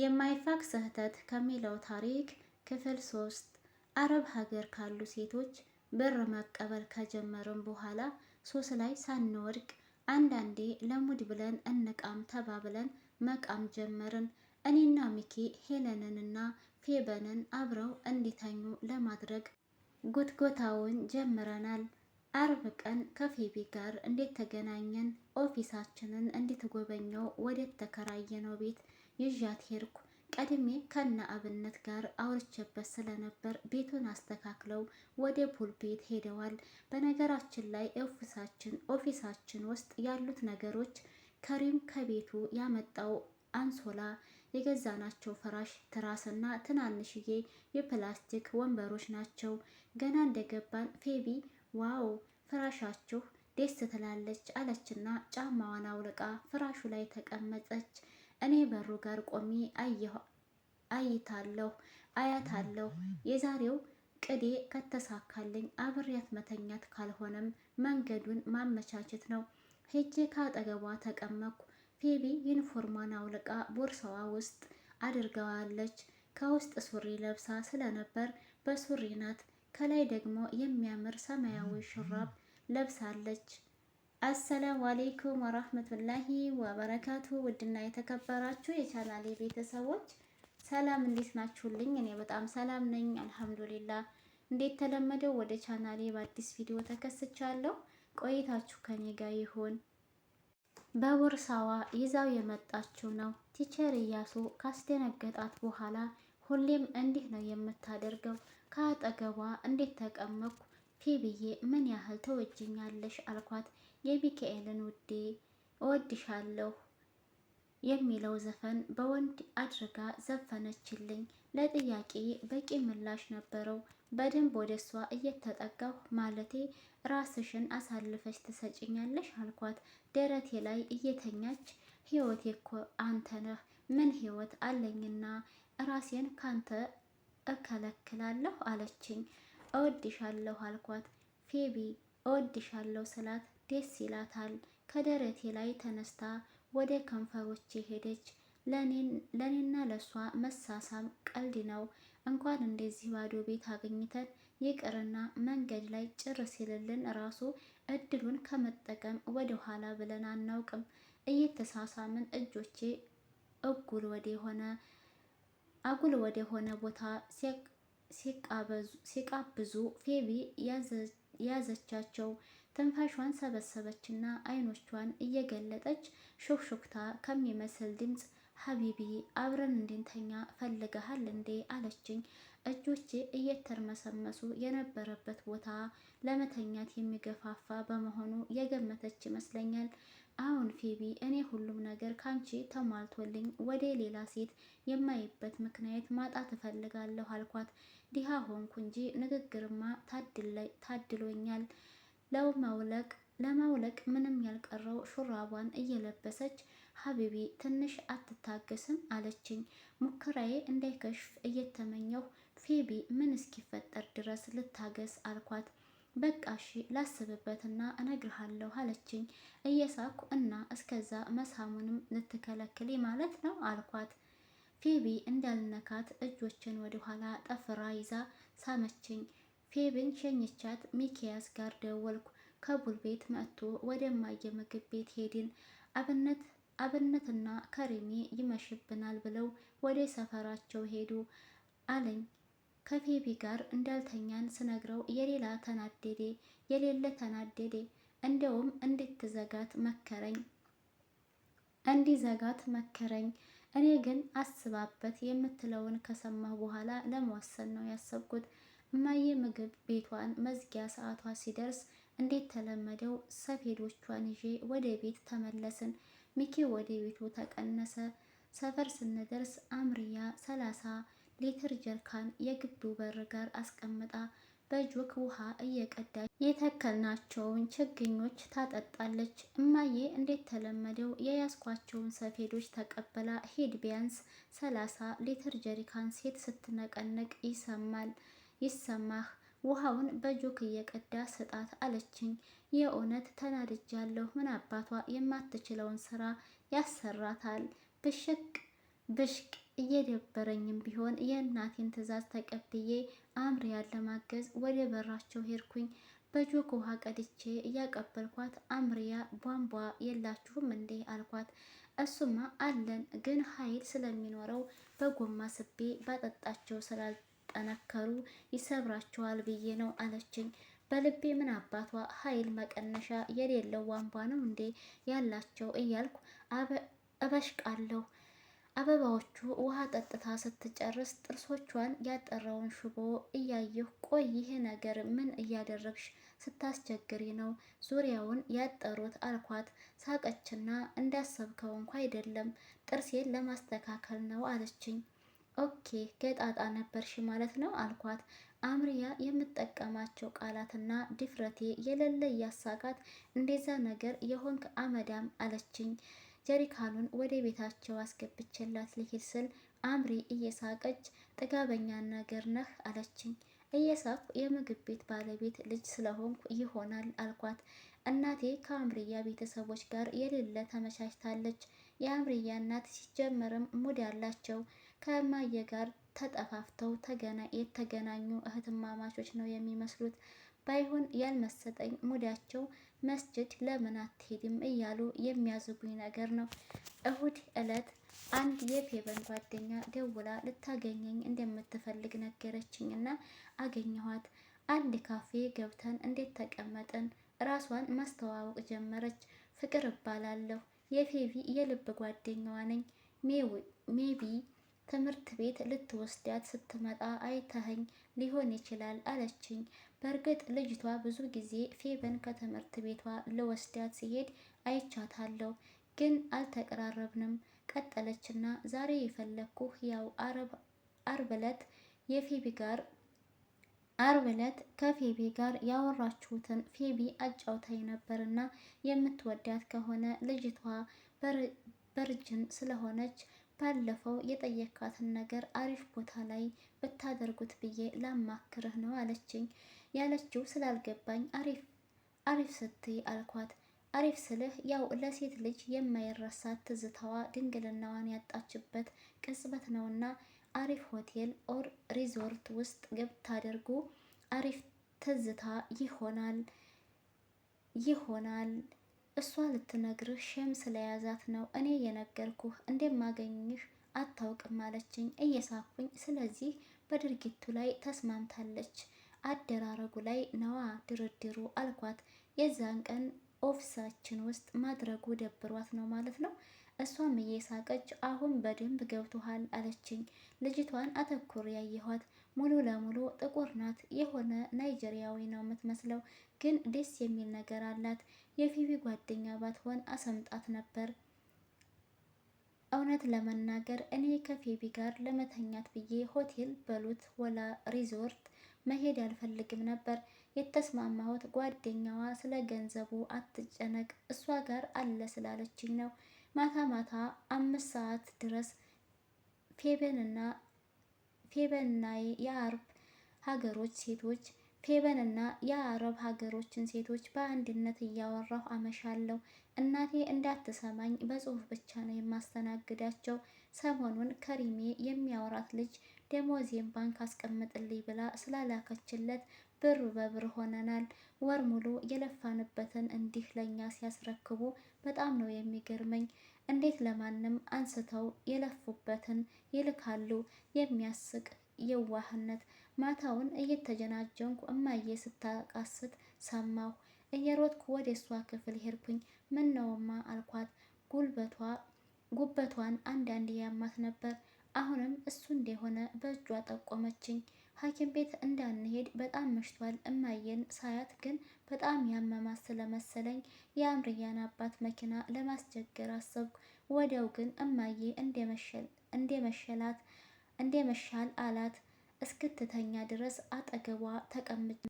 የማይፋቅ ስህተት ከሚለው ታሪክ ክፍል ሶስት አረብ ሀገር ካሉ ሴቶች ብር መቀበል ከጀመርን በኋላ ሱስ ላይ ሳንወድቅ አንዳንዴ ለሙድ ብለን እንቃም ተባብለን መቃም ጀመርን። እኔና ሚኪ ሄለንንና ፌበንን አብረው እንዲተኙ ለማድረግ ጉትጎታውን ጀምረናል። አርብ ቀን ከፌቢ ጋር ተገናኘን ኦፊሳችንን እንድትጎበኘው ወደ ተከራየነው ቤት ይዣት ሄድኩ። ቀድሜ ከነ አብነት ጋር አውርቼበት ስለነበር ቤቱን አስተካክለው ወደ ፑል ቤት ሄደዋል። በነገራችን ላይ ኦፊሳችን ኦፊሳችን ውስጥ ያሉት ነገሮች ከሪም ከቤቱ ያመጣው አንሶላ፣ የገዛናቸው ፍራሽ፣ ትራስና ትናንሽዬ የፕላስቲክ ወንበሮች ናቸው። ገና እንደገባን ፌቢ ዋው ፍራሻችሁ ደስ ትላለች አለችና ጫማዋን አውልቃ ፍራሹ ላይ ተቀመጠች። እኔ በሩ ጋር ቆሜ አይታለሁ አያታለሁ። የዛሬው ቅዴ ከተሳካልኝ አብሬያት መተኛት፣ ካልሆነም መንገዱን ማመቻቸት ነው። ሄጄ ከአጠገቧ ተቀመኩ። ፌቢ ዩኒፎርሟን አውልቃ ቦርሳዋ ውስጥ አድርገዋለች። ከውስጥ ሱሪ ለብሳ ስለነበር በሱሪ ናት። ከላይ ደግሞ የሚያምር ሰማያዊ ሹራብ ለብሳለች። አሰላሙ አሌይኩም ወራህመቱላሂ ወበረካቱ። ውድና የተከበራችሁ የቻናሌ ቤተሰቦች ሰላም፣ እንዴት ናችሁልኝ? እኔ በጣም ሰላም ነኝ አልሐምዱሊላ። እንዴት ተለመደው ወደ ቻናሌ በአዲስ ቪዲዮ ተከስቻለሁ። ቆይታችሁ ከኔ ጋር ይሁን። በቦርሳዋ ይዛው የመጣችው ነው ቲቸር እያሱ ካስደነገጣት በኋላ ሁሌም እንዲህ ነው የምታደርገው። ከአጠገቧ እንዴት ተቀመጥኩ ፊ ብዬ ምን ያህል ተወጅኛለሽ አልኳት። የሚካኤልን ውዴ እወድሻለሁ የሚለው ዘፈን በወንድ አድርጋ ዘፈነችልኝ። ለጥያቄ በቂ ምላሽ ነበረው። በደንብ ወደ እሷ እየተጠጋሁ ማለቴ ራስሽን አሳልፈሽ ትሰጭኛለሽ አልኳት። ደረቴ ላይ እየተኛች ህይወቴ እኮ አንተ ነህ፣ ምን ህይወት አለኝና ራሴን ካንተ እከለክላለሁ አለችኝ። እወድሻለሁ አልኳት ፌቢ እወድሻለሁ ስላት ደስ ይላታል። ከደረቴ ላይ ተነስታ ወደ ከንፈሮቼ ሄደች። ለእኔና ለእሷ መሳሳም ቀልድ ነው። እንኳን እንደዚህ ባዶ ቤት አግኝተን ይቅርና መንገድ ላይ ጭር ሲልልን ራሱ እድሉን ከመጠቀም ወደ ኋላ ብለን አናውቅም። እየተሳሳምን እጆቼ እጉል ወደ ሆነ አጉል ወደ ሆነ ቦታ ሲቃብዙ ፌቢ ያዘች ያዘቻቸው። ትንፋሿን ሰበሰበችና አይኖቿን እየገለጠች ሹክሹክታ ከሚመስል ድምፅ ሀቢቢ አብረን እንድንተኛ ፈልገሃል እንዴ አለችኝ። እጆቼ እየተርመሰመሱ የነበረበት ቦታ ለመተኛት የሚገፋፋ በመሆኑ የገመተች ይመስለኛል። አሁን ፊቢ እኔ ሁሉም ነገር ካንቺ ተሟልቶልኝ ወደ ሌላ ሴት የማይበት ምክንያት ማጣት እፈልጋለሁ አልኳት። ዲሃ ሆንኩ እንጂ ንግግርማ ታድሎኛል። ለመውለቅ ለማውለቅ ምንም ያልቀረው ሹራቧን እየለበሰች ሀቢቢ ትንሽ አትታገስም አለችኝ። ሙከራዬ እንዳይከሽፍ እየተመኘሁ ፊቢ ምን እስኪፈጠር ድረስ ልታገስ አልኳት። በቃ እሺ ላስብበትና እነግርሃለሁ አለችኝ እየሳኩ እና እስከዛ መሳሙንም ልትከለክል ማለት ነው አልኳት። ፌቢ እንዳልነካት እጆችን ወደኋላ ጠፍራ ይዛ ሳመችኝ። ፌቢን ሸኝቻት ሚኪያስ ጋር ደወልኩ። ከቡል ቤት መጥቶ ወደማየ ምግብ ቤት ሄድን። አብነት አብነትና ከሬሜ ይመሽብናል ብለው ወደ ሰፈራቸው ሄዱ አለኝ። ከፌቢ ጋር እንዳልተኛን ስነግረው የሌላ ተናደዴ የሌለ ተናደዴ። እንደውም እንድትዘጋት መከረኝ እንዲዘጋት መከረኝ። እኔ ግን አስባበት የምትለውን ከሰማሁ በኋላ ለመወሰን ነው ያሰብኩት። እማዬ ምግብ ቤቷን መዝጊያ ሰዓቷ ሲደርስ እንደተለመደው ሰፌዶቿን ይዤ ወደ ቤት ተመለስን። ሚኪ ወደ ቤቱ ተቀነሰ። ሰፈር ስንደርስ አምርያ ሰላሳ ሊትር ጀሪካን የግቢው በር ጋር አስቀምጣ በጆክ ውሃ እየቀዳች የተከልናቸውን ችግኞች ታጠጣለች። እማዬ እንዴት ተለመደው የያዝኳቸውን ሰፌዶች ተቀብላ ሂድ ቢያንስ ሰላሳ ሊትር ጀሪካን ሴት ስትነቀነቅ ይሰማል ይሰማህ ውሃውን በጆክ እየቀዳ ስጣት አለችኝ። የእውነት ተናድጃለሁ። ምን አባቷ የማትችለውን ስራ ያሰራታል? ብሽቅ ብሽቅ እየደበረኝም ቢሆን የእናቴን ትዕዛዝ ተቀብዬ አምሪያን ለማገዝ ወደ በራቸው ሄድኩኝ። በጆክ ውሃ ቀድቼ እያቀበልኳት አምሪያ ቧንቧ የላችሁም እንዴ አልኳት። እሱማ አለን ግን ኃይል ስለሚኖረው በጎማ ስቤ ባጠጣቸው ስላልጠነከሩ ይሰብራቸዋል ብዬ ነው አለችኝ። በልቤ ምን አባቷ ኃይል መቀነሻ የሌለው ቧንቧ ነው እንዴ ያላቸው እያልኩ እበሽቃለሁ። አበባዎቹ ውሃ ጠጥታ ስትጨርስ ጥርሶቿን ያጠራውን ሽቦ እያየሁ ቆይ ይሄ ነገር ምን እያደረግሽ ስታስቸግሪ ነው ዙሪያውን ያጠሩት አልኳት። ሳቀችና እንዳሰብከው እንኳ አይደለም ጥርሴን ለማስተካከል ነው አለችኝ። ኦኬ ገጣጣ ነበርሽ ማለት ነው አልኳት። አምሪያ የምጠቀማቸው ቃላትና ድፍረቴ የሌለ እያሳቃት እንደዛ ነገር የሆንክ አመዳም አለችኝ። ጀሪካኑን ወደ ቤታቸው አስገብቼላት ልሂድ ስል አምሪ እየሳቀች ጥጋበኛ ነገር ነህ አለችኝ። እየሳኩ የምግብ ቤት ባለቤት ልጅ ስለሆንኩ ይሆናል አልኳት። እናቴ ከአምርያ ቤተሰቦች ጋር የሌለ ተመቻችታለች። የአምርያ እናት ሲጀመርም ሙድ ያላቸው ከማየ ጋር ተጠፋፍተው የተገናኙ እህትማማቾች ነው የሚመስሉት። ባይሆን ያልመሰጠኝ ሙዳቸው መስጅድ ለምን አትሄድም እያሉ የሚያዝጉኝ ነገር ነው። እሁድ እለት አንድ የፌበን ጓደኛ ደውላ ልታገኘኝ እንደምትፈልግ ነገረችኝ እና አገኘኋት። አንድ ካፌ ገብተን እንዴት ተቀመጠን። ራሷን ማስተዋወቅ ጀመረች። ፍቅር እባላለሁ የፌቪ የልብ ጓደኛዋ ነኝ። ሜቢ ትምህርት ቤት ልትወስዳት ስትመጣ አይተኸኝ ሊሆን ይችላል አለችኝ። በእርግጥ ልጅቷ ብዙ ጊዜ ፌበን ከትምህርት ቤቷ ልወስዳት ሲሄድ አይቻታለሁ፣ ግን አልተቀራረብንም። ቀጠለችና ዛሬ የፈለግኩህ ያው አርብ ዕለት የፌቢ ጋር አርብ ዕለት ከፌቢ ጋር ያወራችሁትን ፌቢ አጫውታኝ ነበርና የምትወዳት ከሆነ ልጅቷ በርጅን ስለሆነች ባለፈው የጠየካትን ነገር አሪፍ ቦታ ላይ ብታደርጉት ብዬ ላማክርህ ነው አለችኝ። ያለችው ስላልገባኝ አሪፍ አሪፍ ስትይ አልኳት። አሪፍ ስልህ ያው ለሴት ልጅ የማይረሳት ትዝታዋ ድንግልናዋን ያጣችበት ቅጽበት ነውና አሪፍ ሆቴል ኦር ሪዞርት ውስጥ አድርጉ አሪፍ ትዝታ ይሆናል ይሆናል። እሷ ልትነግርህ ሸም ስለያዛት ነው እኔ የነገርኩህ እንደማገኝህ አታውቅም አለችኝ እየሳኩኝ። ስለዚህ በድርጊቱ ላይ ተስማምታለች። አደራረጉ ላይ ነዋ ድርድሩ አልኳት። የዛን ቀን ኦፊሳችን ውስጥ ማድረጉ ደብሯት ነው ማለት ነው። እሷም እየሳቀች አሁን በደንብ ገብቶሃል አለችኝ። ልጅቷን አተኩር ያየኋት ሙሉ ለሙሉ ጥቁር ናት። የሆነ ናይጀሪያዊ ነው የምትመስለው፣ ግን ደስ የሚል ነገር አላት። የፊቢ ጓደኛ ባትሆን አሰምጣት ነበር። እውነት ለመናገር እኔ ከፊቢ ጋር ለመተኛት ብዬ ሆቴል በሉት ወላ ሪዞርት መሄድ አልፈልግም ነበር የተስማማሁት። ጓደኛዋ ስለ ገንዘቡ አትጨነቅ፣ እሷ ጋር አለ ስላለችኝ ነው። ማታ ማታ አምስት ሰዓት ድረስ ፌበንና ፌበንና የአረብ ሀገሮች ሴቶች ፌበንና የአረብ ሀገሮችን ሴቶች በአንድነት እያወራሁ አመሻለሁ። እናቴ እንዳትሰማኝ በጽሁፍ ብቻ ነው የማስተናግዳቸው። ሰሞኑን ከሪሜ የሚያወራት ልጅ ደሞዜን ባንክ አስቀምጥልኝ ብላ ስላላከችለት ብር በብር ሆነናል። ወር ሙሉ የለፋንበትን እንዲህ ለእኛ ሲያስረክቡ በጣም ነው የሚገርመኝ። እንዴት ለማንም አንስተው የለፉበትን ይልካሉ? የሚያስቅ የዋህነት። ማታውን እየተጀናጀንኩ እማዬ ስታቃስት ሰማሁ። እየሮጥኩ ወደ እሷ ክፍል ሄድኩኝ። ምን ነውማ አልኳት። ጉልበቷ ጉበቷን አንዳንድ ያማት ነበር። አሁንም እሱ እንደሆነ በእጇ ጠቆመችኝ። ሐኪም ቤት እንዳንሄድ በጣም መሽቷል። እማየን ሳያት ግን በጣም ያመማት ስለመሰለኝ የአምርያን አባት መኪና ለማስቸገር አሰብኩ። ወዲያው ግን እማዬ እንደመሸላት እንደመሻል አላት። እስክትተኛ ድረስ አጠገቧ ተቀምጬ